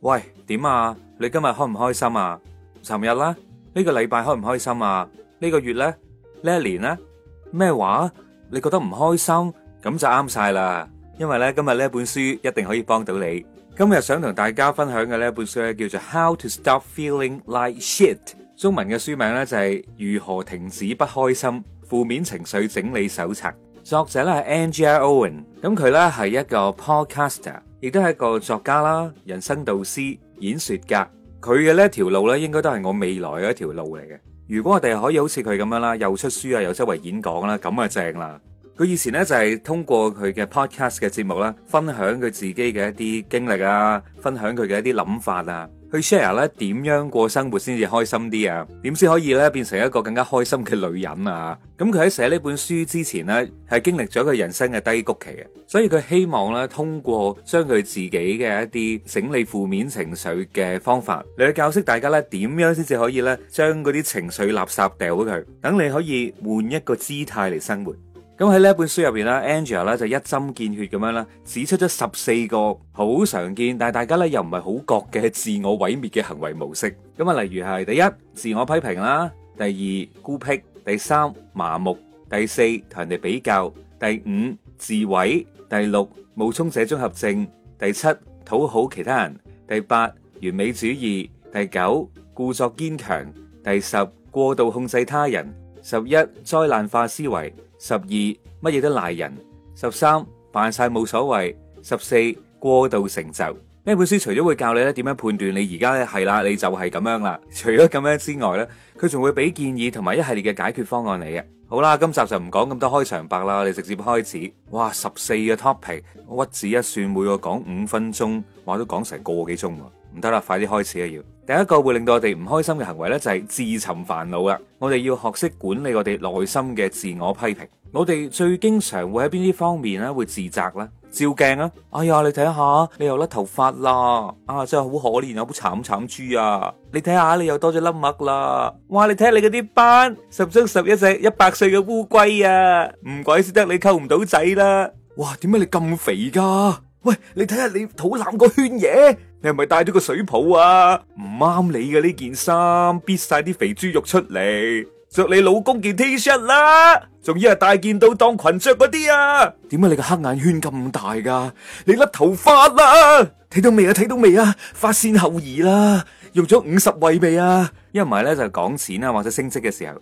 喂，點啊？你今日開唔開心啊？尋日啦，呢個禮拜開唔開心啊？呢個月呢？呢一年呢？咩話？你覺得唔開心咁就啱晒啦，因為呢，今日呢本書一定可以幫到你。今日想同大家分享嘅呢本書咧叫做《How to Stop Feeling Like Shit》，中文嘅書名呢就係《如何停止不開心負面情緒整理手冊》。作者咧係 Angie Owen，咁佢，嗯，呢係一個 Podcaster。亦都係一個作家啦，人生導師、演說家，佢嘅呢條路呢，應該都係我未來嘅一條路嚟嘅。如果我哋可以好似佢咁樣啦，又出書啊，又周圍演講啦，咁啊正啦。佢以前咧就係通過佢嘅 podcast 嘅節目啦，分享佢自己嘅一啲經歷啊，分享佢嘅一啲諗法啊，去 share 咧點樣過生活先至開心啲啊，點先可以咧變成一個更加開心嘅女人啊。咁佢喺寫呢本書之前咧係經歷咗佢人生嘅低谷期嘅，所以佢希望咧通過將佢自己嘅一啲整理負面情緒嘅方法嚟，去教識大家咧點樣先至可以咧將嗰啲情緒垃圾掉咗佢，等你可以換一個姿態嚟生活。咁喺呢一本書入邊啦，Angela 咧，就一針見血咁樣啦，指出咗十四個好常見，但係大家咧又唔係好覺嘅自我毀滅嘅行為模式。咁啊，例如係第一自我批評啦，第二孤僻，第三麻木，第四同人哋比較，第五自毀，第六冒充者綜合症，第七討好其他人，第八完美主義，第九故作堅強，第十過度控制他人，十一災難化思維。十二乜嘢都賴人，十三扮晒冇所謂，十四過度成就。呢本書除咗會教你咧點樣判斷你而家係啦，你就係咁樣啦。除咗咁樣之外呢，佢仲會俾建議同埋一系列嘅解決方案你嘅。好啦，今集就唔講咁多開場白啦，我哋直接開始。哇，十四個 topic 屈指一算，每個講五分鐘，話都講成個幾鐘。唔得啦，快啲開始啦！要第一個會令到我哋唔開心嘅行為呢，就係自尋煩惱啦。我哋要學識管理我哋內心嘅自我批評。我哋最經常會喺邊啲方面呢？會自責咧，照鏡啊！哎呀，你睇下，你又甩頭髮啦！啊，真係好可憐啊，好慘慘豬啊！你睇下，你又多咗粒癦啦！哇，你睇下你嗰啲斑，十足十一隻一百歲嘅烏龜啊！唔怪之得你溝唔到仔啦！哇，點解你咁肥噶？喂，你睇下你肚腩個圈嘢。你係咪帶咗個水泡啊？唔啱你嘅呢件衫，必晒啲肥豬肉出嚟，着你老公件 t 恤啦。仲要係大件到當裙着嗰啲啊？點解你個黑眼圈咁大噶？你甩頭髮啦？睇到未啊？睇到未啊？髮線後移啦，用咗五十位未啊？一唔係咧就係講錢啊，或者升職嘅時候，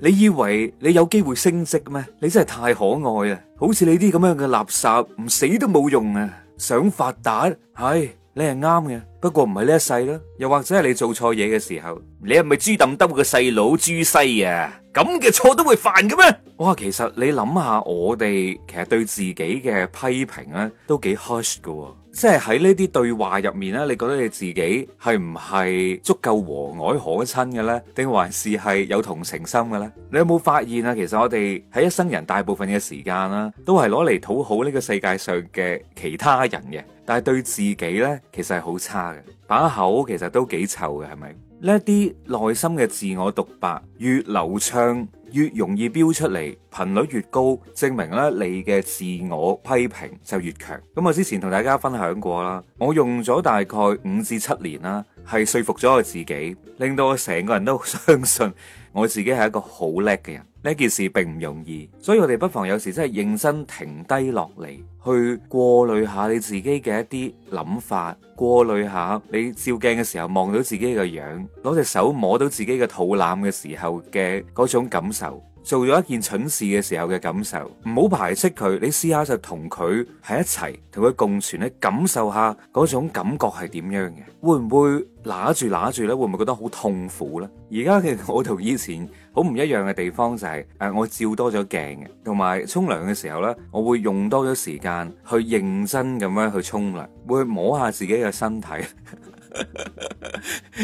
你以為你有機會升職咩？你真係太可愛啊！好似你啲咁樣嘅垃圾，唔死都冇用啊！想發達，唉、哎。你係啱嘅，不過唔係呢一世啦，又或者係你做錯嘢嘅時候， 你係咪豬抌兜嘅細佬豬西啊？咁嘅錯都會犯嘅咩？ 哇！其實你諗下，我哋其實對自己嘅批評咧、啊，都幾 hush 噶。即係喺呢啲對話入面呢，你覺得你自己係唔係足夠和藹可親嘅呢？定還是係有同情心嘅呢？你有冇發現啊？其實我哋喺一生人大部分嘅時間啦，都係攞嚟討好呢個世界上嘅其他人嘅，但係對自己呢，其實係好差嘅。把口其實都幾臭嘅，係咪？呢啲內心嘅自我獨白越流暢，越容易飆出嚟，頻率越高，證明咧你嘅自我批評就越強。咁我之前同大家分享過啦，我用咗大概五至七年啦，係說服咗我自己，令到我成個人都相信我自己係一個好叻嘅人。呢件事並唔容易，所以我哋不妨有時真係認真停低落嚟，去過濾下你自己嘅一啲諗法，過濾下你照鏡嘅時候望到自己嘅樣，攞隻手摸到自己嘅肚腩嘅時候嘅嗰種感受。做咗一件蠢事嘅時候嘅感受，唔好排斥佢。你試下就同佢喺一齊，同佢共存咧，感受下嗰種感覺係點樣嘅。會唔會揦住揦住呢？會唔會覺得好痛苦呢？而家嘅我同以前好唔一樣嘅地方就係，誒，我照多咗鏡嘅，同埋沖涼嘅時候呢，我會用多咗時間去認真咁樣去沖涼，會摸下自己嘅身體，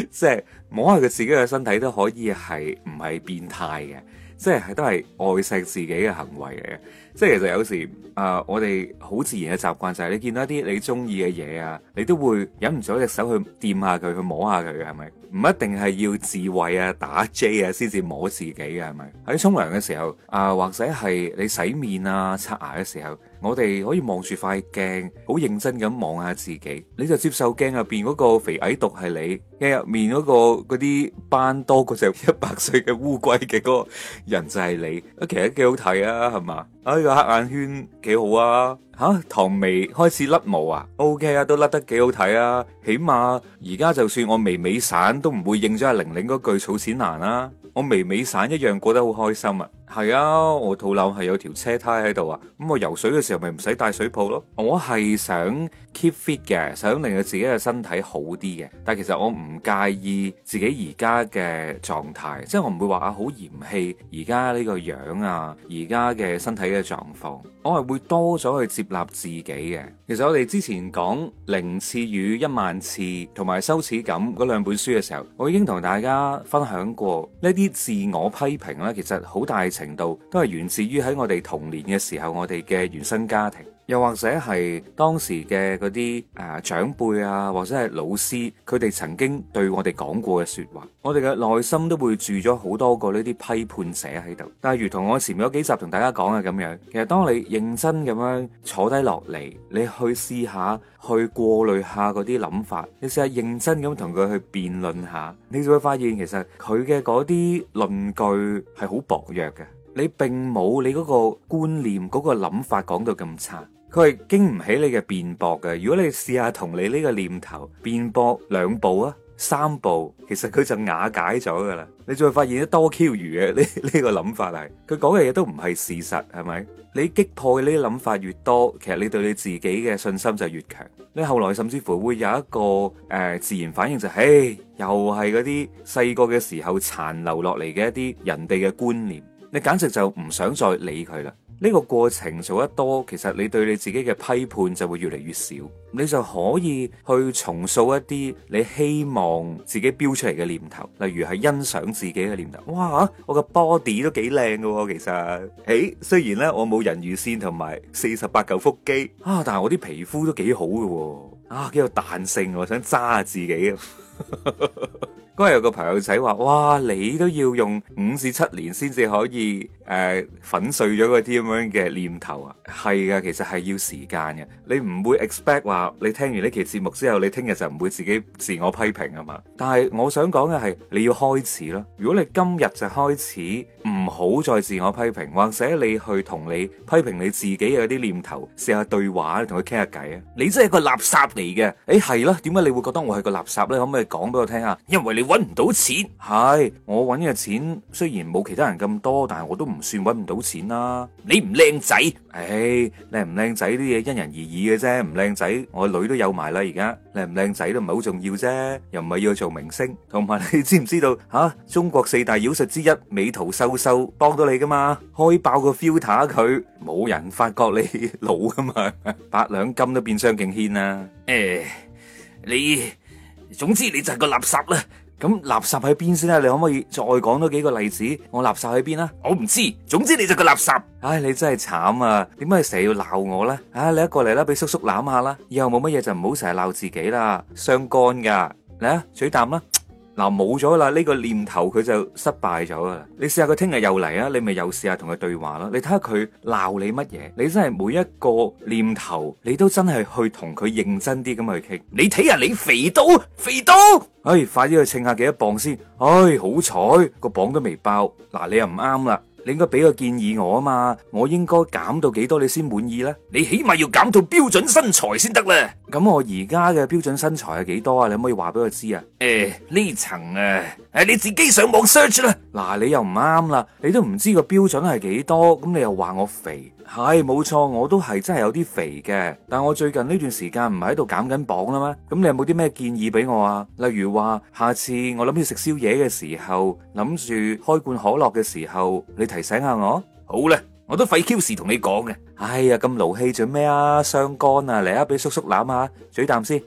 即 係摸下佢自己嘅身體都可以係唔係變態嘅。即係都係愛錫自己嘅行為嚟嘅，即係其實有時啊、呃，我哋好自然嘅習慣就係、是、你見到一啲你中意嘅嘢啊,你都會忍唔住一隻手去掂下佢，去摸下佢，係咪？唔一定係要自慰啊、打 J 啊,先至摸自己嘅,係咪？喺沖涼嘅時候啊、呃，或者係你洗面啊、刷牙嘅時候。我哋可以望住塊鏡，好認真咁望下自己，你就接受鏡入邊嗰個肥矮毒係你，鏡入面嗰、嗰個嗰啲斑多過隻一百歲嘅烏龜嘅嗰個人就係你，啊，其實幾好睇啊，係嘛，啊呢個黑眼圈幾好啊，吓、啊，唐眉開始甩毛啊，O K 啊，okay，都甩得幾好睇啊，起碼而家就算我微微散都唔會應咗阿玲玲嗰句儲錢難啦、啊。我微微散一樣過得好開心啊！係啊，我肚腩係有條車胎喺度啊，咁我游水嘅時候咪唔使帶水泡咯。我係想 keep fit 嘅，想令到自己嘅身體好啲嘅。但其實我唔介意自己而家嘅狀態，即係我唔會話啊好嫌棄而家呢個樣啊，而家嘅身體嘅狀況。我係會多咗去接納自己嘅。其實我哋之前講零次與一萬次，同埋羞恥感嗰兩本書嘅時候，我已經同大家分享過呢啲自我批評啦。其實好大程度都係源自於喺我哋童年嘅時候，我哋嘅原生家庭。又或者係當時嘅嗰啲誒長輩啊，或者係老師，佢哋曾經對我哋講過嘅說話，我哋嘅內心都會住咗好多個呢啲批判者喺度。但係如同我前面有幾集同大家講嘅咁樣，其實當你認真咁樣坐低落嚟，你去試下去過濾下嗰啲諗法，你試下認真咁同佢去辯論下，你就會發現其實佢嘅嗰啲論據係好薄弱嘅，你並冇你嗰個觀念、嗰個諗法講到咁差。佢係經唔起你嘅辯駁嘅，如果你試下同你呢個念頭辯駁兩步啊、三步，其實佢就瓦解咗噶啦。你就會發現咧多 Q 餘嘅呢呢個諗法係，佢講嘅嘢都唔係事實，係咪？你擊破嘅呢啲諗法越多，其實你對你自己嘅信心就越強。你後來甚至乎會有一個誒、呃、自然反應就係、是，又係嗰啲細個嘅時候殘留落嚟嘅一啲人哋嘅觀念，你簡直就唔想再理佢啦。呢個過程做得多，其實你對你自己嘅批判就會越嚟越少，你就可以去重塑一啲你希望自己標出嚟嘅念頭，例如係欣賞自己嘅念頭。哇，我個 body 都幾靚嘅喎，其實，誒雖然呢，我冇人魚線同埋四十八嚿腹肌啊，但係我啲皮膚都幾好嘅喎，哦，啊幾有彈性喎，我想揸下自己啊！嗰日 有個朋友仔話，哇，你都要用五至七年先至可以誒、呃、粉碎咗嗰啲咁樣嘅念頭啊！係啊，其實係要時間嘅。你唔會 expect 話你聽完呢期節目之後，你聽日就唔會自己自我批評啊嘛。但係我想講嘅係，你要開始啦。如果你今日就開始。唔好再自我批評，或者你去同你批評你自己有啲念頭，試下對話，同佢傾下偈啊！你真係個垃圾嚟嘅，誒係啦，點解你會覺得我係個垃圾咧？可唔可以講俾我聽下？因為你搵唔到錢，係我搵嘅錢雖然冇其他人咁多，但係我都唔算搵唔到錢啦。你唔靚仔，誒，靚唔靚仔啲嘢因人而異嘅啫，唔靚仔我女都有埋啦，而家靚唔靚仔都唔係好重要啫，又唔係要做明星。同埋你知唔知道吓？中國四大妖術之一美圖秀秀。就幫到你噶嘛，開爆個 filter 佢，冇人發覺你老噶嘛，八兩金都變張敬軒啦。誒，你總之你就係個垃圾啦，咁垃圾喺邊先啊？你可唔可以再講多幾個例子？我垃圾喺邊啊？我唔知，總之你就個垃圾。唉，你真係慘啊！點解你成日要鬧我咧？啊，你一過嚟啦，俾叔叔攬下啦。以後冇乜嘢就唔好成日鬧自己啦，傷肝噶。嚟啊，嘴啖啦。嗱，冇咗啦！呢個念頭佢就失敗咗㗎啦。你試下佢聽日又嚟啊，你咪又試下同佢對話咯。你睇下佢鬧你乜嘢？你真係每一個念頭，你都真係去同佢認真啲咁去傾，啊。你睇下你肥到肥到，唉、哎，快啲去稱下幾多磅先。唉、哎，好彩個磅都未爆。嗱，你又唔啱啦。你應該俾個建議我啊嘛，我應該減到幾多你先滿意咧？你起碼要減到標準身材先得啦。咁我而家嘅標準身材係幾多啊？你可唔可以話俾我知啊？誒，呢層啊，誒，你自己上網 search 啦。嗱，啊，你又唔啱啦，你都唔知個標準係幾多，咁你又話我肥？係冇錯，我都係真係有啲肥嘅，但我最近呢段時間唔係喺度減緊磅啦嘛？咁你有冇啲咩建議俾我啊？例如話下次我諗住食宵夜嘅時候，諗住開罐可樂嘅時候，你提醒下我好咧。我都費 q 時同你講嘅。哎呀，咁勞氣做咩啊？傷肝啊！嚟啊，俾叔叔攬下嘴啖先。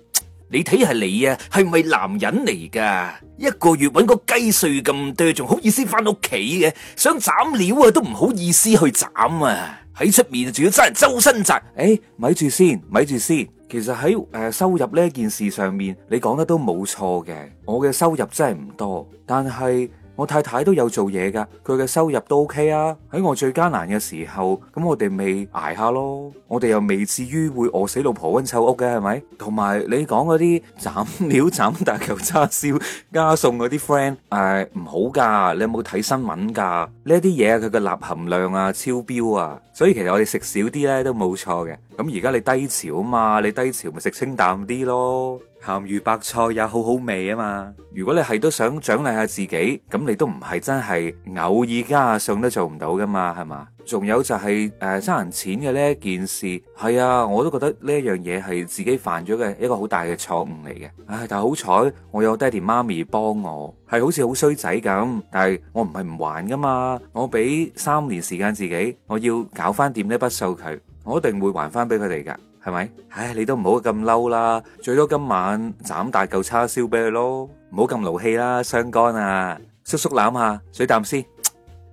你睇下你啊，係咪男人嚟噶？一個月搵個雞碎咁多，仲好意思翻屋企嘅？想斬料啊，都唔好意思去斬啊！喺出面就住得真係周身窄，哎，咪住先，咪住先。其實喺誒、呃、收入呢一件事上面，你講得都冇錯嘅。我嘅收入真係唔多，但係。我太太都有做嘢噶，佢嘅收入都 OK 啊。喺我最艱難嘅時候，咁我哋咪挨下咯，我哋又未至於會餓死老婆温臭屋嘅，係咪？同埋你講嗰啲斬料斬大嚿叉燒加餸嗰啲 friend，誒唔好噶。你有冇睇新聞噶？呢啲嘢佢嘅鈉含量啊超標啊，所以其實我哋食少啲呢都冇錯嘅。咁而家你低潮啊嘛，你低潮咪食清淡啲咯。鹹魚白菜也好好味啊嘛！如果你係都想獎勵下自己，咁你都唔係真係偶爾加餸，都做唔到噶嘛，係嘛？仲有就係、是、誒、爭、呃、人錢嘅呢一件事，係啊，我都覺得呢一樣嘢係自己犯咗嘅一個好大嘅錯誤嚟嘅。唉，但係好彩我有爹哋媽咪幫我，係好似好衰仔咁，但係我唔係唔還噶嘛，我俾三年時間自己，我要搞翻掂呢筆數佢，我一定會還翻俾佢哋噶。係咪？唉，你都唔好咁嬲啦，最多今晚斬大嚿叉燒俾佢咯，唔好咁勞氣啦，傷肝啊！叔叔攬下，水淡先。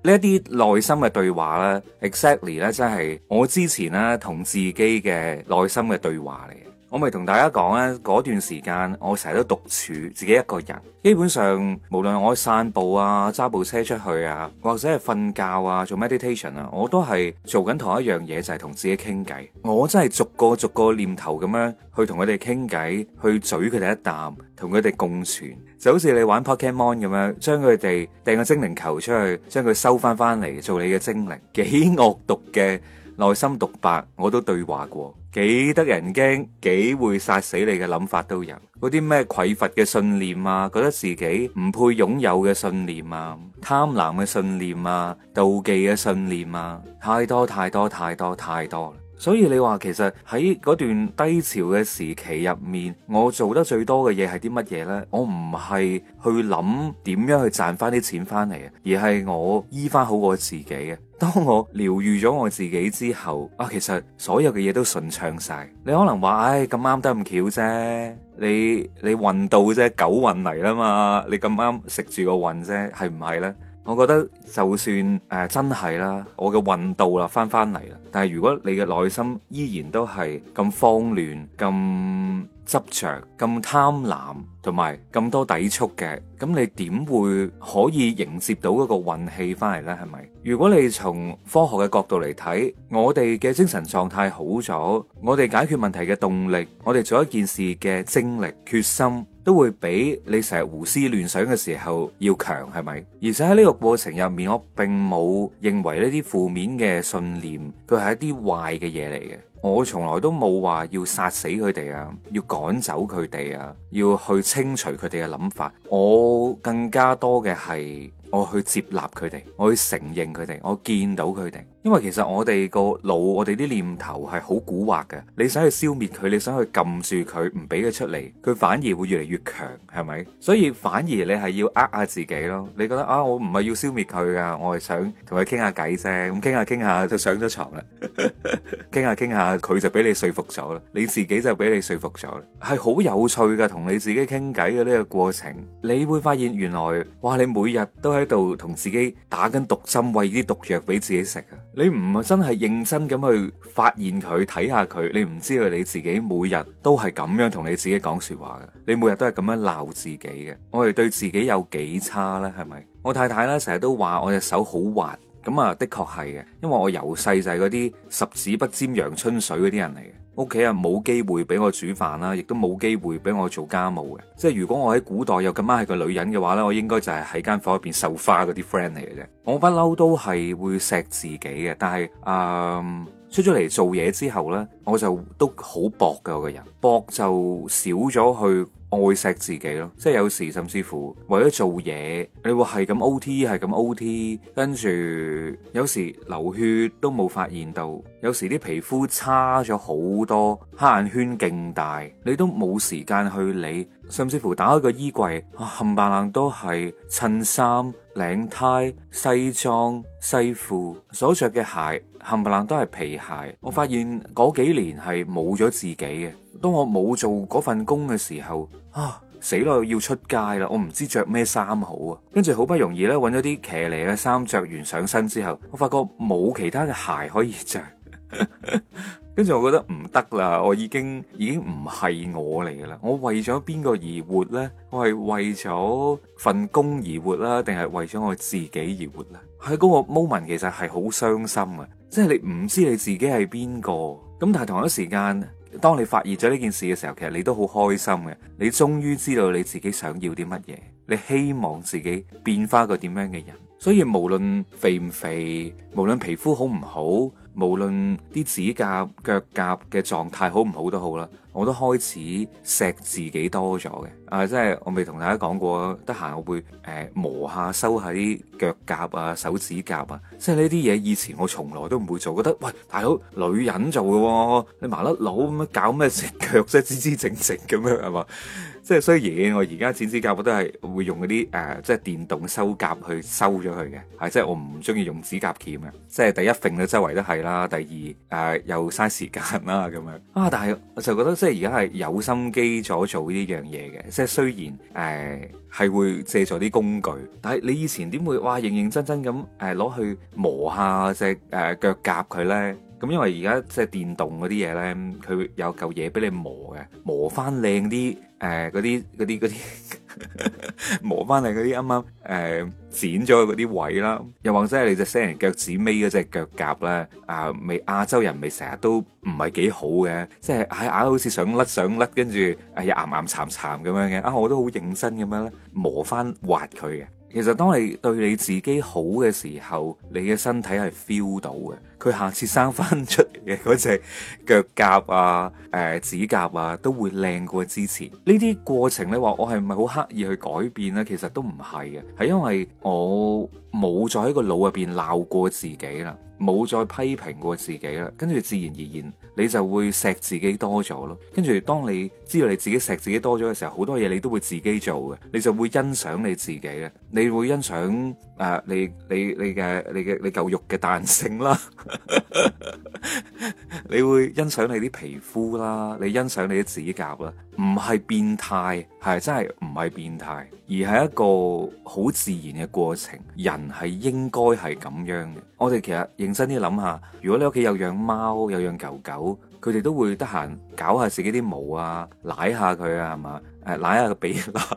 呢一啲內心嘅對話啦 exactly 咧，真係我之前咧同自己嘅內心嘅對話嚟。我咪同大家講咧，嗰段時間我成日都獨處自己一個人，基本上無論我散步啊、揸部車出去啊，或者係瞓覺啊、做 meditation 啊，我都係做緊同一樣嘢，就係同自己傾偈。我真係逐個逐個念頭咁樣去同佢哋傾偈，去咀佢哋一啖，同佢哋共存，就好似你玩 Pokemon 咁樣，將佢哋掟個精靈球出去，將佢收翻翻嚟做你嘅精靈。幾惡毒嘅內心獨白，我都對話過。幾得人驚，幾會殺死你嘅諗法都有，嗰啲咩匱乏嘅信念啊，覺得自己唔配擁有嘅信念啊，貪婪嘅信念啊，妒忌嘅信念啊，太多太多太多太多啦。所以你話其實喺嗰段低潮嘅時期入面，我做得最多嘅嘢係啲乜嘢呢？我唔係去諗點樣去賺翻啲錢翻嚟啊，而係我醫翻好我自己嘅。當我療癒咗我自己之後，啊，其實所有嘅嘢都順暢晒。你可能話：唉，咁啱得咁巧啫，你你運到啫，狗運嚟啦嘛，你咁啱食住個運啫，係唔係呢？我覺得就算誒、呃、真係啦，我嘅運到啦，翻翻嚟啦。但係如果你嘅內心依然都係咁慌亂、咁執着、咁貪婪，同埋咁多抵觸嘅，咁你點會可以迎接到嗰個運氣翻嚟呢？係咪？如果你從科學嘅角度嚟睇，我哋嘅精神狀態好咗，我哋解決問題嘅動力，我哋做一件事嘅精力、決心。都會比你成日胡思亂想嘅時候要強，係咪？而且喺呢個過程入面，我並冇認為呢啲負面嘅信念佢係一啲壞嘅嘢嚟嘅。我從來都冇話要殺死佢哋啊，要趕走佢哋啊，要去清除佢哋嘅諗法。我更加多嘅係我去接納佢哋，我去承認佢哋，我見到佢哋。因為其實我哋個腦，我哋啲念頭係好蠱惑嘅。你想去消滅佢，你想去撳住佢，唔俾佢出嚟，佢反而會越嚟越強，係咪？所以反而你係要呃下自己咯。你覺得啊，我唔係要消滅佢㗎，我係想同佢傾下偈啫。咁傾下傾下就上咗床啦，傾下傾下佢就俾你說服咗啦，你自己就俾你說服咗啦。係好有趣㗎，同你自己傾偈嘅呢個過程，你會發現原來嘩，你每日都喺度同自己打緊毒針，喂啲毒藥俾自己食啊！你唔係真係認真咁去發現佢，睇下佢，你唔知道你自己每日都係咁樣同你自己講說話嘅，你每日都係咁樣鬧自己嘅。我哋對自己有幾差呢？係咪？我太太呢，成日都話我隻手好滑，咁啊，的確係嘅，因為我由細就係嗰啲十指不沾陽春水嗰啲人嚟嘅。屋企人冇機會俾我煮飯啦，亦都冇機會俾我做家務嘅。即係如果我喺古代又咁啱係個女人嘅話呢，我應該就係喺間房入邊繡花嗰啲 friend 嚟嘅啫。我不嬲都係會錫自己嘅，但係嗯、呃、出咗嚟做嘢之後呢，我就都好薄㗎個人，薄就少咗去。愛錫自己咯，即係有時甚至乎為咗做嘢，你會係咁 OT，係咁 OT，跟住有時流血都冇發現到，有時啲皮膚差咗好多，黑眼圈勁大，你都冇時間去理，甚至乎打開個衣櫃，啊，冚唪唥都係襯衫。領呔、西裝、西褲，所着嘅鞋，冚唪唥都係皮鞋。我發現嗰幾年係冇咗自己嘅。當我冇做嗰份工嘅時候，啊，死啦！要出街啦，我唔知着咩衫好啊。跟住好不容易揾咗啲騎呢嘅衫着完上身之後，我發覺冇其他嘅鞋可以着。 跟住我覺得唔得啦，我已經已經唔係我嚟噶啦，我為咗邊個而活呢？我係為咗份工而活啦，定係為咗我自己而活呢？喺嗰個 moment 其實係好傷心啊，即係你唔知你自己係邊個。咁但係同一時間，當你發現咗呢件事嘅時候，其實你都好開心嘅。你終於知道你自己想要啲乜嘢，你希望自己變翻個點樣嘅人。所以無論肥唔肥，無論皮膚好唔好，無論啲指甲腳甲嘅狀態好唔好都好啦，我都開始錫自己多咗嘅。啊，即係我未同大家講過，得閒我會誒、呃、磨下修下啲腳甲啊、手指甲啊，即係呢啲嘢以前我從來都唔會做，覺得喂，大佬女人做嘅喎、哦，你麻甩佬咁樣搞咩食腳啫，支支整整咁樣係嘛？即係雖然我而家剪指甲我都係會用嗰啲誒，即係電動修甲去修咗佢嘅，啊、嗯，即係我唔中意用指甲鉗嘅，即係第一揈到周圍都係啦，第二誒、呃、又嘥時間啦咁樣啊，但係我就覺得即係而家係有心機咗做呢樣嘢嘅，即係雖然誒係、呃、會借助啲工具，但係你以前點會哇認認真真咁誒攞去磨下隻誒腳甲佢咧？咁因為而家即係電動嗰啲嘢咧，佢有嚿嘢俾你磨嘅，磨翻靚啲。誒啲啲啲磨翻嚟嗰啲啱啱誒剪咗嗰啲位啦，又或者係你隻死人腳趾尾嗰隻腳甲啦。啊，未亞洲人咪成日都唔係幾好嘅，即係唉啊好似想甩想甩，跟住又岩岩巉巉咁樣嘅，啊，啊，癌癌癌癌癌癌，啊我都好認真咁樣咧磨翻滑佢嘅。其實當你對你自己好嘅時候，你嘅身體係 feel 到嘅。佢下次生翻出嚟嘅嗰隻腳甲啊、誒、呃、指甲啊，都會靚過之前。呢啲過程咧話我係唔係好刻意去改變呢？其實都唔係嘅，係因為我冇再喺個腦入邊鬧過自己啦。冇再批評過自己啦，跟住，自然而然你就會錫自己多咗咯。跟住當你知道你自己錫自己多咗嘅時候，好多嘢你都會自己做嘅，你就會欣賞你自己咧。你會欣賞誒、呃，你你你嘅你嘅你嚿肉嘅彈性啦， 你會欣賞你啲皮膚啦，你欣賞你啲指甲啦。唔係變態，係真係唔係變態，而係一個好自然嘅過程。人係應該係咁樣嘅。我哋其實認。認真啲諗下，如果你屋企有養貓有養狗狗，佢哋都會得閒搞下自己啲毛啊，舐下佢啊，係嘛？誒，舐下個鼻啦，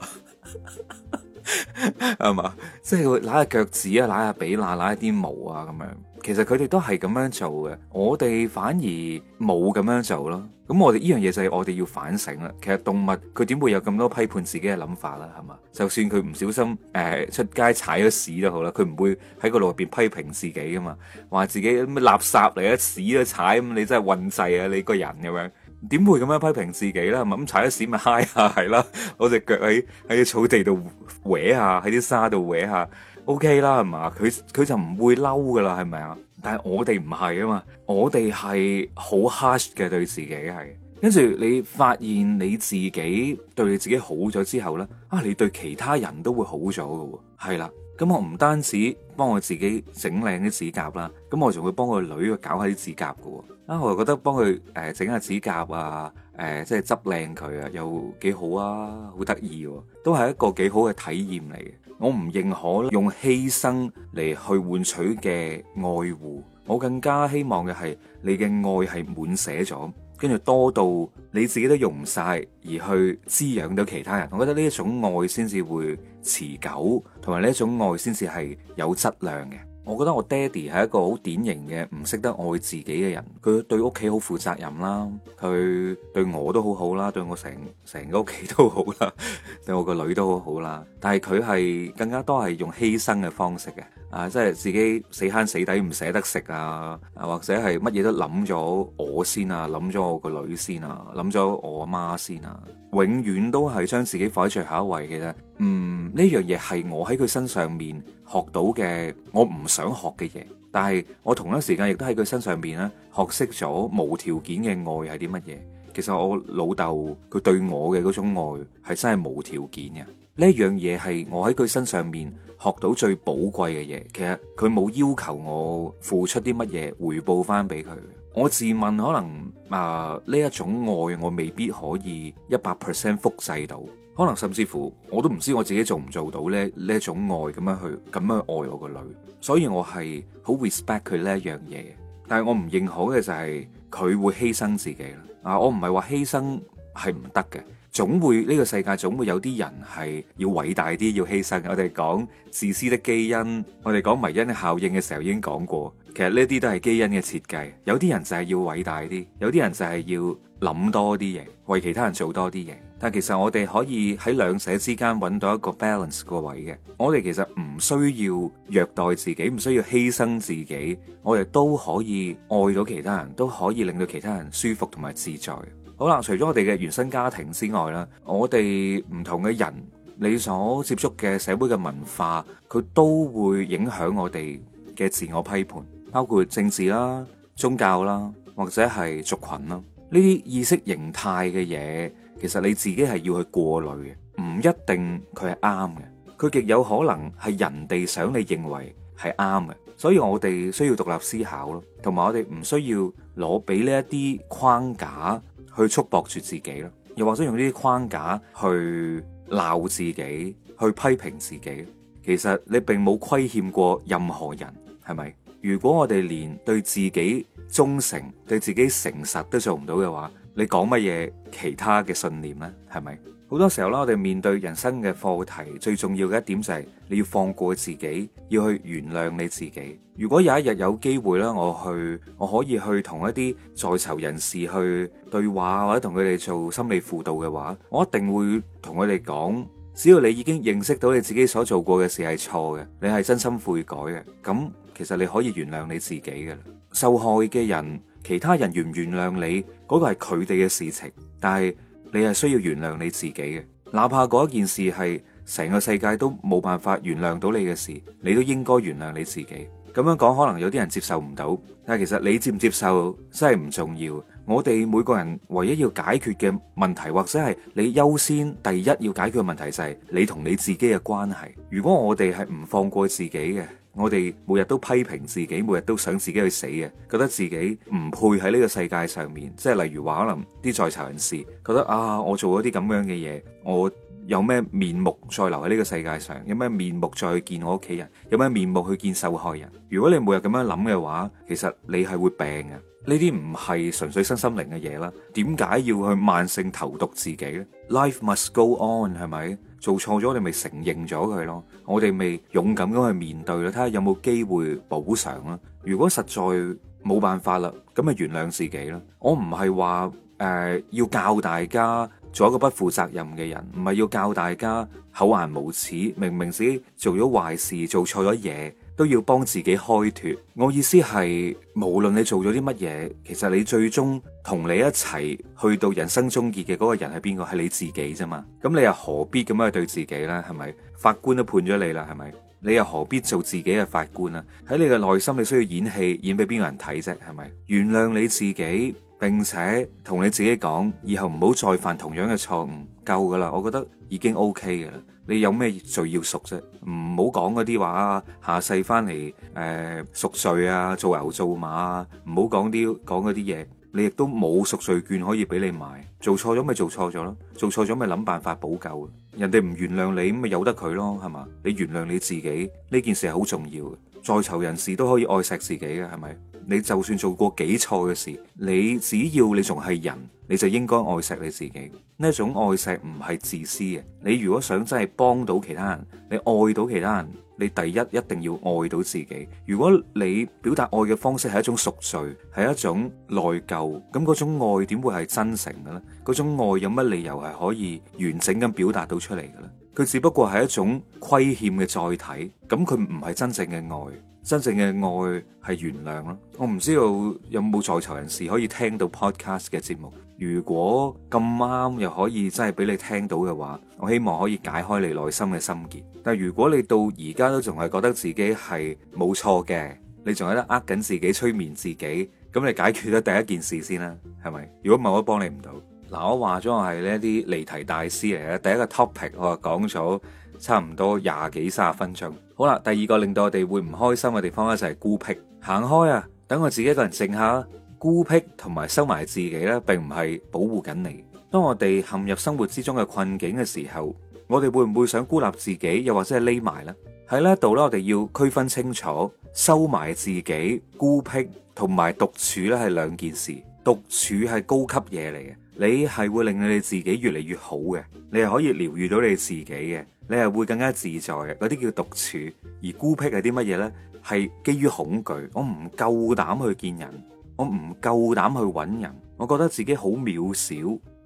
係嘛？即係會舐下腳趾啊，舐下鼻啦，舐下啲毛啊，咁樣。其實佢哋都係咁樣做嘅，我哋反而冇咁樣做咯。咁我哋呢樣嘢就係我哋要反省啦。其實動物佢點會有咁多批判自己嘅諗法啦？係嘛，就算佢唔小心誒、呃、出街踩咗屎都好啦，佢唔會喺個路入邊批評自己噶嘛，話自己乜垃圾嚟啊，屎都踩咁你真係運滯啊，你個人咁樣，點會咁樣批評自己咧？係嘛，咁踩咗屎咪 high 下係啦，攞隻腳喺喺草地度歪下，喺啲沙度歪下。O K 啦，係嘛，okay, right？佢佢就唔會嬲噶啦，係咪啊？但係我哋唔係啊嘛，我哋係好 harsh 嘅對自己係。跟住你發現你自己對你自己好咗之後呢，啊，你對其他人都會好咗噶。係啦，咁、嗯、我唔單止幫我自己整靚啲指甲啦，咁、嗯、我仲會幫個女去搞下啲指甲噶。啊，我就覺得幫佢誒整下指甲啊，誒、呃、即係執靚佢啊，又幾好啊，好得意，都係一個幾好嘅體驗嚟。我唔認可用犧牲嚟去換取嘅愛護，我更加希望嘅係你嘅愛係滿瀉咗，跟住多到你自己都用唔晒，而去滋養到其他人。我覺得呢一種愛先至會持久，同埋呢一種愛先至係有質量嘅。我覺得我爹哋係一個好典型嘅唔識得愛自己嘅人，佢對屋企好負責任啦，佢對我都好好啦，對我成成個屋企都好啦， 對我個女都好好啦。但係佢係更加多係用犧牲嘅方式嘅，啊，即係自己死慳死抵唔捨得食啊，啊，或者係乜嘢都諗咗我先啊，諗咗我個女先啊，諗咗我阿媽先啊，永遠都係將自己放喺最後一位嘅。嗯，呢樣嘢係我喺佢身上面學到嘅，我唔想學嘅嘢。但係我同一時間亦都喺佢身上面咧，學識咗無條件嘅愛係啲乜嘢。其實我老豆佢對我嘅嗰種愛係真係無條件嘅。呢樣嘢係我喺佢身上面學到最寶貴嘅嘢。其實佢冇要求我付出啲乜嘢回報翻俾佢。我自問可能誒呢一種愛我未必可以一百 percent 複製到。可能甚至乎，我都唔知我自己做唔做到咧？呢一種愛咁樣去，咁樣愛我個女，所以我係好 respect 佢呢一樣嘢。但係我唔認可嘅就係、是、佢會犧牲自己啦。啊，我唔係話犧牲係唔得嘅，總會呢、這個世界總會有啲人係要偉大啲，要犧牲。我哋講自私的基因，我哋講迷因效應嘅時候已經講過，其實呢啲都係基因嘅設計。有啲人就係要偉大啲，有啲人就係要諗多啲嘢，為其他人做多啲嘢。但其實我哋可以喺兩者之間揾到一個 balance 個位嘅。我哋其實唔需要虐待自己，唔需要犧牲自己，我哋都可以愛到其他人，都可以令到其他人舒服同埋自在。好啦，除咗我哋嘅原生家庭之外啦，我哋唔同嘅人，你所接觸嘅社會嘅文化，佢都會影響我哋嘅自我批判，包括政治啦、宗教啦，或者係族群啦，呢啲意識形態嘅嘢。其實你自己係要去過濾嘅，唔一定佢係啱嘅，佢極有可能係人哋想你認為係啱嘅，所以我哋需要獨立思考咯，同埋我哋唔需要攞俾呢一啲框架去束縛住自己咯，又或者用呢啲框架去鬧自己，去批評自己。其實你並冇虧欠過任何人，係咪？如果我哋連對自己忠誠、對自己誠實都做唔到嘅話，你講乜嘢？其他嘅信念呢？係咪？好多時候啦，我哋面對人生嘅課題，最重要嘅一點就係你要放過自己，要去原諒你自己。如果有一日有機會咧，我去我可以去同一啲在囚人士去對話，或者同佢哋做心理輔導嘅話，我一定會同佢哋講：只要你已經認識到你自己所做過嘅事係錯嘅，你係真心悔改嘅，咁其實你可以原諒你自己嘅，受害嘅人。其他人原唔原諒你，嗰個係佢哋嘅事情，但係你係需要原諒你自己嘅，哪怕嗰件事係成個世界都冇辦法原諒到你嘅事，你都應該原諒你自己。咁樣講可能有啲人接受唔到，但係其實你接唔接受真係唔重要。我哋每個人唯一要解決嘅問題，或者係你優先第一要解決嘅問題就係你同你自己嘅關係。如果我哋係唔放過自己嘅。我哋每日都批評自己，每日都想自己去死嘅，覺得自己唔配喺呢個世界上面。即係例如話，可能啲在囚人士覺得啊，我做咗啲咁樣嘅嘢，我有咩面目再留喺呢個世界上？有咩面目再去見我屋企人？有咩面目去見受害人？如果你每日咁樣諗嘅話，其實你係會病嘅。呢啲唔係純粹身心靈嘅嘢啦。點解要去慢性投毒自己呢？Life must go on，係咪？做錯咗，你咪承認咗佢咯，我哋咪勇敢咁去面對咯，睇下有冇機會補償啦。如果實在冇辦法啦，咁咪原諒自己啦。我唔係話誒要教大家做一個不負責任嘅人，唔係要教大家厚顏無恥，明明自己做咗壞事，做錯咗嘢。都要幫自己開脫。我意思係，無論你做咗啲乜嘢，其實你最終同你一齊去到人生終結嘅嗰個人係邊個？係你自己啫嘛。咁你又何必咁樣去對自己呢？係咪？法官都判咗你啦，係咪？你又何必做自己嘅法官啊？喺你嘅內心，你需要演戲，演俾邊個人睇啫？係咪？原諒你自己，並且同你自己講，以後唔好再犯同樣嘅錯誤。夠噶啦，我覺得已經 OK 嘅啦。你有咩罪要贖啫？唔好講嗰啲話，下世翻嚟誒贖罪啊，做牛做馬啊，唔好講啲講啲嘢。你亦都冇贖罪券可以俾你買。做錯咗咪做錯咗咯，做錯咗咪諗辦法補救。人哋唔原諒你咁咪由得佢咯，係嘛？你原諒你自己呢件事係好重要嘅。在囚人士都可以愛錫自己嘅，係咪？你就算做過幾錯嘅事，你只要你仲係人。你就應該愛錫你自己。呢一種愛錫唔係自私嘅。你如果想真係幫到其他人，你愛到其他人，你第一一定要愛到自己。如果你表達愛嘅方式係一種贖罪，係一種內疚，咁嗰種愛點會係真誠嘅呢？嗰種愛有乜理由係可以完整咁表達到出嚟嘅呢？佢只不過係一種虧欠嘅載體，咁佢唔係真正嘅愛。真正嘅愛係原諒啦。我唔知道有冇在場人士可以聽到 Podcast 嘅節目。如果咁啱又可以真係俾你聽到嘅話，我希望可以解開你內心嘅心結。但如果你到而家都仲係覺得自己係冇錯嘅，你仲喺度呃緊自己、催眠自己，咁你解決咗第一件事先啦，係咪？如果唔係，我幫你唔到。嗱，我話咗我係呢啲離題大師嚟嘅，第一個 topic 我講咗差唔多廿幾三十分鐘。好啦，第二個令到我哋會唔開心嘅地方咧就係孤僻，行開啊，等我自己一個人靜下啊。孤僻同埋收埋自己呢，並唔係保護緊你。當我哋陷入生活之中嘅困境嘅時候，我哋會唔會想孤立自己，又或者係匿埋呢？喺呢度咧，我哋要區分清楚，收埋自己、孤僻同埋獨處呢，係兩件事。獨處係高級嘢嚟嘅，你係會令到你自己越嚟越好嘅，你係可以療癒到你自己嘅，你係會更加自在嘅。嗰啲叫獨處，而孤僻係啲乜嘢呢？係基於恐懼，我唔夠膽去見人。我唔夠膽去搵人，我覺得自己好渺小，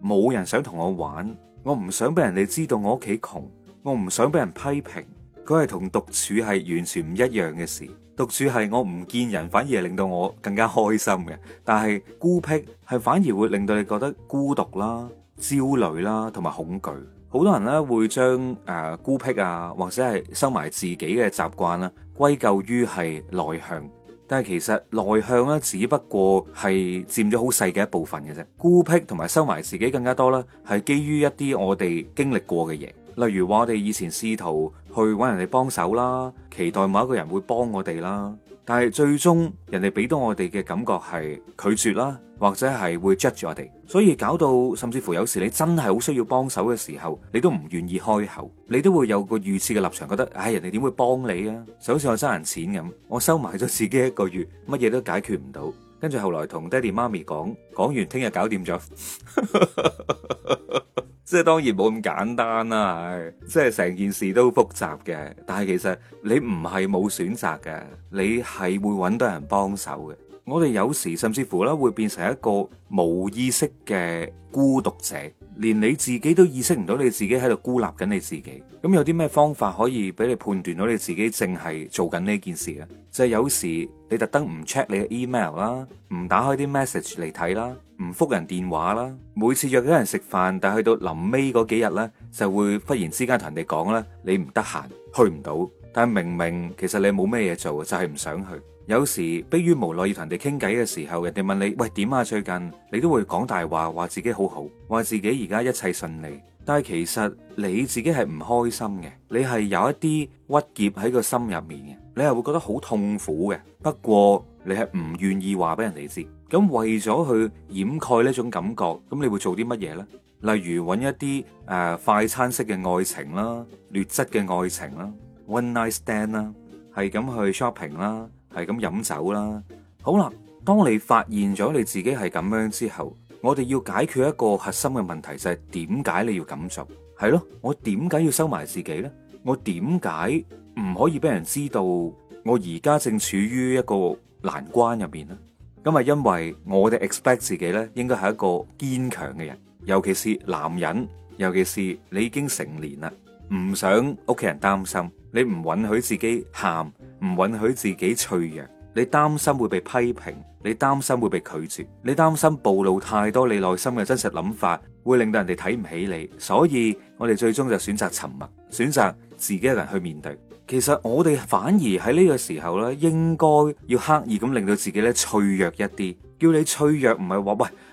冇人想同我玩。我唔想俾人哋知道我屋企窮，我唔想俾人批評。佢係同獨處係完全唔一樣嘅事。獨處係我唔見人，反而令到我更加開心嘅。但係孤僻係反而會令到你覺得孤獨啦、焦慮啦，同埋恐懼。好多人呢會將誒、呃、孤僻啊，或者係收埋自己嘅習慣啦，歸咎於係內向。但係其實內向咧，只不過係佔咗好細嘅一部分嘅啫。孤僻同埋收埋自己更加多啦，係基於一啲我哋經歷過嘅嘢，例如話我哋以前試圖去揾人哋幫手啦，期待某一個人會幫我哋啦。但係最終人哋俾到我哋嘅感覺係拒絕啦、啊，或者係會 judge 我哋，所以搞到甚至乎有時你真係好需要幫手嘅時候，你都唔願意開口，你都會有個預設嘅立場，覺得唉、哎、人哋點會幫你啊？就好似我爭人錢咁，我收埋咗自己一個月，乜嘢都解決唔到，跟住後，後來同爹哋媽咪講，講完聽日搞掂咗。 即係當然冇咁簡單啦，即係成件事都複雜嘅。但係其實你唔係冇選擇嘅，你係會揾到人幫手嘅。我哋有時甚至乎咧，會變成一個冇意識嘅孤獨者，連你自己都意識唔到你自己喺度孤立緊你自己。咁有啲咩方法可以俾你判斷到你自己正係做緊呢件事啊？就係有時你特登唔 check 你嘅 email 啦，唔打開啲 message 嚟睇啦，唔覆人電話啦。每次約咗人食飯，但係去到臨尾嗰幾日咧，就會忽然之間同人哋講咧，你唔得閒，去唔到。但係明明其實你冇咩嘢做，就係唔想去。有時迫於無奈要同人哋傾偈嘅時候，人哋問你喂，點啊？最近你都會講大話，話自己好好，話自己而家一切順利。但係其實你自己係唔開心嘅，你係有一啲鬱結喺個心入面嘅，你係會覺得好痛苦嘅。不過你係唔願意話俾人哋知。咁為咗去掩蓋呢種感覺，咁你會做啲乜嘢呢？例如揾一啲誒、呃、快餐式嘅愛情啦，劣質嘅愛情啦，one night stand 啦，係咁去 shopping 啦。係咁飲酒啦，好啦，當你發現咗你自己係咁樣之後，我哋要解決一個核心嘅問題就係點解你要咁做？係咯，我點解要收埋自己呢？我點解唔可以俾人知道我而家正處於一個難關入面呢？咁係因為我哋 expect 自己呢，應該係一個堅強嘅人，尤其是男人，尤其是你已經成年啦。唔想屋企人擔心，你唔允許自己喊，唔允許自己脆弱。你擔心會被批評，你擔心會被拒絕，你擔心暴露太多你內心嘅真實諗法，會令到人哋睇唔起你。所以，我哋最終就選擇沉默，選擇自己一人去面對。其實，我哋反而喺呢個時候咧，應該要刻意咁令到自己咧脆弱一啲。叫你脆弱唔係話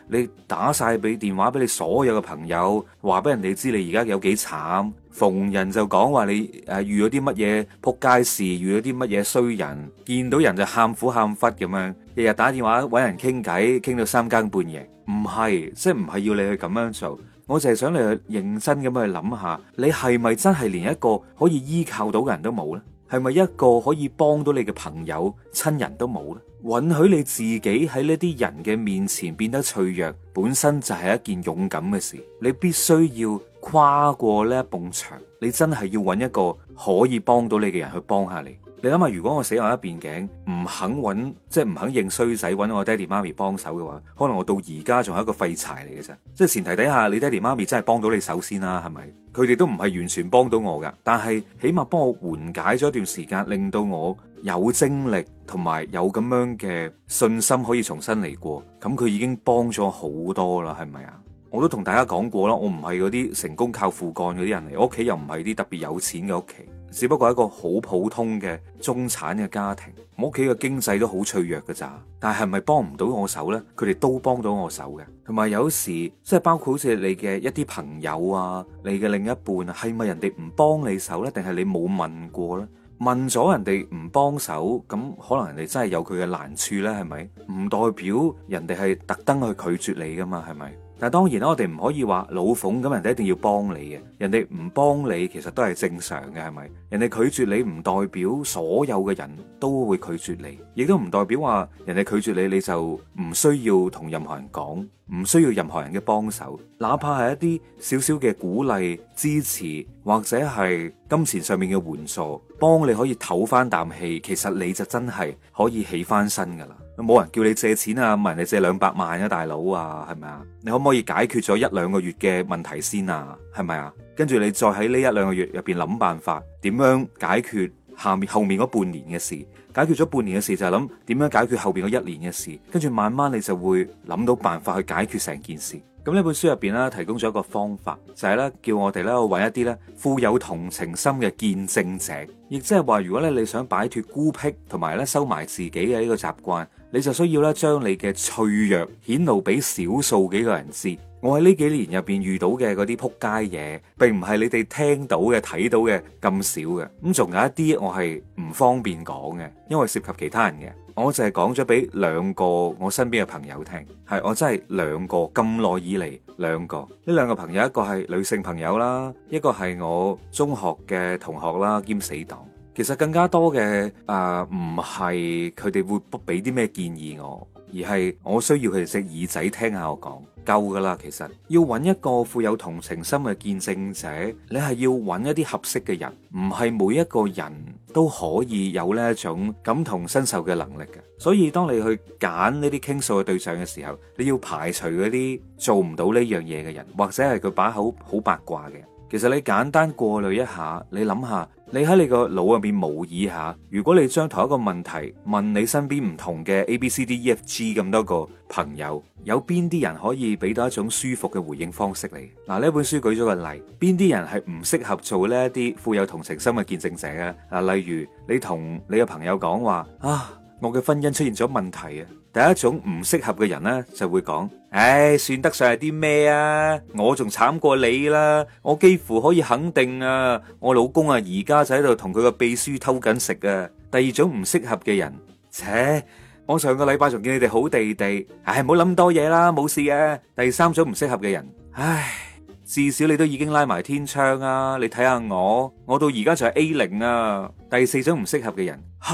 喂，你打晒俾電話俾你所有嘅朋友，話俾人哋知你而家有幾慘，逢人就講話你誒、啊、遇到啲乜嘢撲街事，遇到啲乜嘢衰人，見到人就喊苦喊忽咁樣，日日打電話揾人傾偈，傾到三更半夜。唔係，即係唔係要你去咁樣做，我淨係想你去認真咁去諗下，你係咪真係連一個可以依靠到嘅人都冇呢？係咪一個可以幫到你嘅朋友、親人都冇呢？允許你自己喺呢啲人嘅面前變得脆弱，本身就係一件勇敢嘅事。你必須要跨過呢一埲牆，你真係要揾一個可以幫到你嘅人去幫下你。你諗下，如果我死硬一邊頸，唔肯揾，即係唔肯認衰仔，揾我爹地媽咪幫手嘅話，可能我到而家仲係一個廢柴嚟嘅啫。即係前提底下，你爹地媽咪真係幫到你手先啦，係咪？佢哋都唔係完全幫到我嘅，但係起碼幫我緩解咗段時間，令到我有精力同埋有咁樣嘅信心可以重新嚟過。咁佢已經幫咗好多啦，係咪啊？我都同大家講過啦，我唔係嗰啲成功靠父幹嗰啲人嚟，我屋企又唔係啲特別有錢嘅屋企。只不過一個好普通嘅中產嘅家庭，我屋企嘅經濟都好脆弱噶咋。但係係咪幫唔到我手呢？佢哋都幫到我手嘅。同埋有，有時即係包括好似你嘅一啲朋友啊，你嘅另一半啊，係咪人哋唔幫你手呢？定係你冇問過呢？問咗人哋唔幫手，咁可能人哋真係有佢嘅難處呢？係咪？唔代表人哋係特登去拒絕你噶嘛，係咪？但係當然啦，我哋唔可以話老奉咁，人哋一定要幫你嘅，人哋唔幫你其實都係正常嘅，係咪？人哋拒絕你唔代表所有嘅人都會拒絕你，亦都唔代表話人哋拒絕你，你就唔需要同任何人講，唔需要任何人嘅幫手，哪怕係一啲少少嘅鼓勵、支持或者係金錢上面嘅援助，幫你可以唞翻啖氣，其實你就真係可以起翻身㗎喇。冇人叫你借錢啊！問人哋借兩百萬啊，大佬啊，係咪啊？你可唔可以解決咗一兩個月嘅問題先啊？係咪啊？跟住你再喺呢一兩個月入邊諗辦法，點樣解決下面後面嗰半年嘅事？解決咗半年嘅事就係諗點樣解決後邊嗰一年嘅事。跟住慢慢你就會諗到辦法去解決成件事。咁呢本書入邊咧，提供咗一個方法，就係咧叫我哋咧揾一啲咧富有同情心嘅見證者，亦即係話，如果咧你想擺脫孤僻同埋咧收埋自己嘅呢個習慣。你就需要咧，將你嘅脆弱顯露俾少數幾個人知。我喺呢幾年入邊遇到嘅嗰啲撲街嘢，並唔係你哋聽到嘅、睇到嘅咁少嘅。咁仲有一啲我係唔方便講嘅，因為涉及其他人嘅。我淨係講咗俾兩個我身邊嘅朋友聽，係我真係兩個咁耐以嚟，兩個呢兩個朋友，一個係女性朋友啦，一個係我中學嘅同學啦，兼死黨。其實更加多嘅誒，唔係佢哋會不俾啲咩建議我，而係我需要佢哋隻耳仔聽下我講。夠噶啦。其實要揾一個富有同情心嘅見證者，你係要揾一啲合適嘅人，唔係每一個人都可以有呢一種感同身受嘅能力嘅。所以當你去揀呢啲傾訴嘅對象嘅時候，你要排除嗰啲做唔到呢樣嘢嘅人，或者係佢把口好八卦嘅人。其實你簡單過濾一下，你諗下。你喺你個腦入邊模擬下，如果你將同一個問題問你身邊唔同嘅 A、B、C、D、E、F、G 咁多個朋友，有邊啲人可以俾到一種舒服嘅回應方式嚟？嗱，呢本書舉咗個例，邊啲人係唔適合做呢一啲富有同情心嘅見證者咧？嗱，例如你同你嘅朋友講話啊，我嘅婚姻出現咗問題啊。第一種唔適合嘅人呢，就會講：唉，算得上係啲咩啊？我仲慘過你啦！我幾乎可以肯定啊，我老公啊，而家就喺度同佢個秘書偷緊食啊！第二種唔適合嘅人，切！我上個禮拜仲見你哋好地地，唉，唔好諗多嘢啦，冇事啊。第三種唔適合嘅人，唉。至少你都已經拉埋天窗啊！你睇下我，我到而家就係 A 零啊！第四種唔適合嘅人，吓，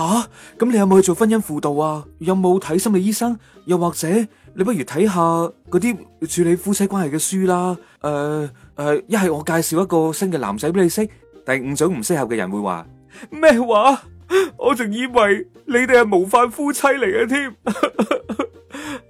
咁你有冇去做婚姻輔導啊？有冇睇心理醫生？又或者你不如睇下嗰啲處理夫妻關係嘅書啦。誒誒，一係我介紹一個新嘅男仔俾你識。第五種唔適合嘅人會話咩話？我仲以為你哋係模範夫妻嚟嘅添。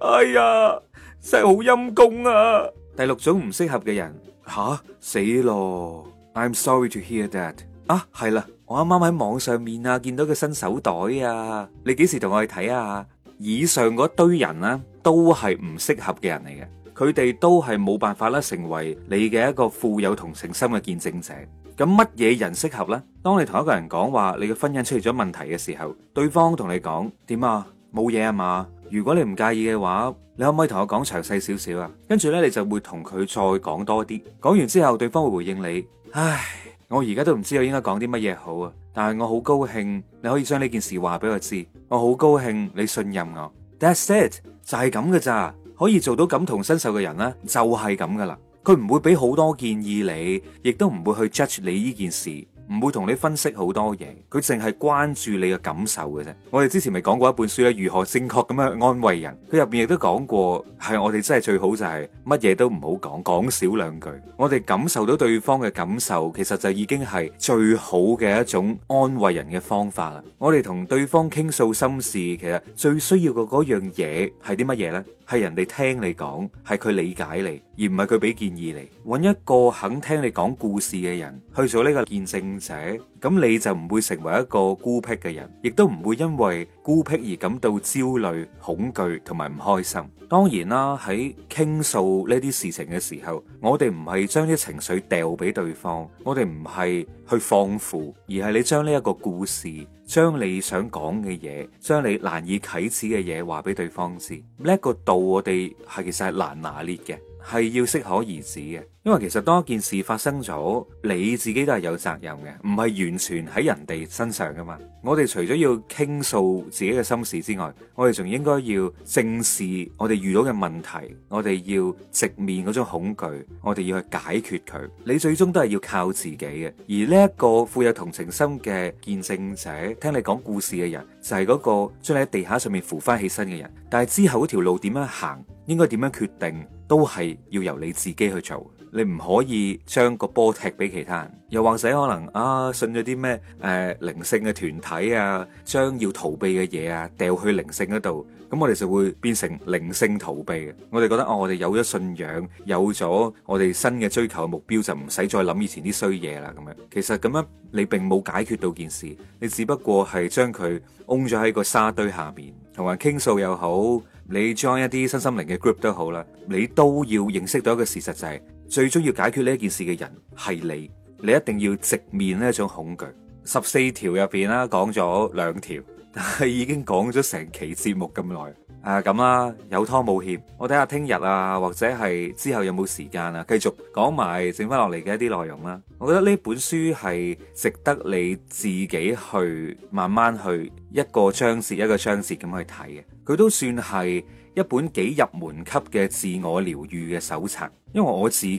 哎呀，真係好陰公啊！第六種唔適合嘅人。嚇死咯！I'm sorry to hear that。啊，係啦，我啱啱喺網上面啊見到個新手袋啊，你幾時同我去睇啊？以上嗰堆人呢，啊，都係唔適合嘅人嚟嘅，佢哋都係冇辦法啦，成為你嘅一個富有同情心嘅見證者。咁乜嘢人適合呢？當你同一個人講話你嘅婚姻出現咗問題嘅時候，對方同你講點啊？冇嘢啊嘛？如果你唔介意嘅話，你可唔可以同我講詳細少少啊？跟住呢，你就會同佢再講多啲。講完之後，對方會回應你：唉，我而家都唔知道我應該講啲乜嘢好啊。但係我好高興你可以將呢件事話俾我知，我好高興你信任我。That's it，就係咁嘅咋，可以做到感同身受嘅人呢，就係咁噶啦。佢唔會俾好多建議你，亦都唔會去 judge 你呢件事。唔會同你分析好多嘢，佢淨係關注你嘅感受嘅啫。我哋之前咪講過一本書咧，如何正確咁樣安慰人？佢入邊亦都講過，係我哋真係最好就係乜嘢都唔好講，講少兩句。我哋感受到對方嘅感受，其實就已經係最好嘅一種安慰人嘅方法啦。我哋同對方傾訴心事，其實最需要嘅嗰樣嘢係啲乜嘢呢？係人哋聽你講，係佢理解你，而唔係佢俾建議你。揾一個肯聽你講故事嘅人，去做呢個見證者，咁你就唔會成為一個孤僻嘅人，亦都唔會因為孤僻而感到焦慮、恐懼同埋唔開心。當然啦，喺傾訴呢啲事情嘅時候，我哋唔係將啲情緒掉俾對方，我哋唔係去放負，而係你將呢一個故事。將你想講嘅嘢，將你難以啟齒嘅嘢，話俾對方知，呢個度我哋係其實係難拿捏嘅，係要適可而止嘅。因為其實當一件事發生咗，你自己都係有責任嘅，唔係完全喺人哋身上噶嘛。我哋除咗要傾訴自己嘅心事之外，我哋仲應該要正視我哋遇到嘅問題，我哋要直面嗰種恐懼，我哋要去解決佢。你最終都係要靠自己嘅。而呢一個富有同情心嘅見證者，聽你講故事嘅人，就係嗰個將你喺地下上面扶翻起身嘅人。但係之後嗰條路點樣行，應該點樣決定，都係要由你自己去做。你唔可以將個波踢俾其他人，又或者可能啊信咗啲咩誒靈性嘅團體啊，將要逃避嘅嘢啊掉去靈性嗰度，咁我哋就會變成靈性逃避。我哋覺得哦，我哋有咗信仰，有咗我哋新嘅追求目標，就唔使再諗以前啲衰嘢啦。咁樣其實咁樣你並冇解決到件事，你只不過係將佢掹咗喺個沙堆下邊。同埋傾訴又好，你 join 一啲新心靈嘅 group 都好啦，你都要認識到一個事實就係。最終要解決呢件事嘅人係你，你一定要直面呢一種恐懼。十四條入邊啦，講咗兩條，但係已經講咗成期節目咁耐啊，咁啦，有拖冇欠，我睇下聽日啊，或者係之後有冇時間啊，繼續講埋剩翻落嚟嘅一啲內容啦。我覺得呢本書係值得你自己去慢慢去一個章節一個章節咁去睇嘅，佢都算係。一本幾入門級嘅自我療癒嘅手冊，因為我自己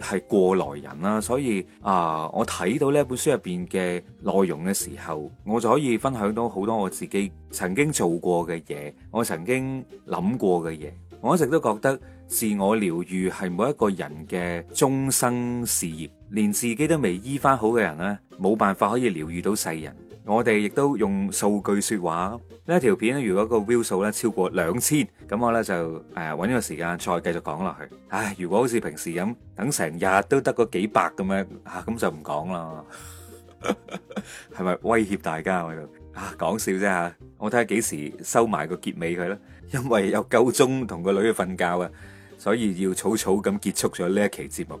係過來人啦，所以啊，我睇到呢本書入邊嘅內容嘅時候，我就可以分享到好多我自己曾經做過嘅嘢，我曾經諗過嘅嘢。我一直都覺得自我療癒係每一個人嘅終生事業。連自己都未醫翻好嘅人咧，冇辦法可以療愈到世人。我哋亦都用數據說話。呢一條片咧，如果個 view 數咧超過兩千，咁我咧就誒揾個時間再繼續講落去。唉，如果好似平時咁等成日都得嗰幾百咁樣啊，咁就唔講啦。係咪威脅大家喺度啊？講笑啫吓，我睇下幾時收埋個結尾佢咧。因為有夠鐘同個女去瞓覺啊，所以要草草咁結束咗呢一期節目。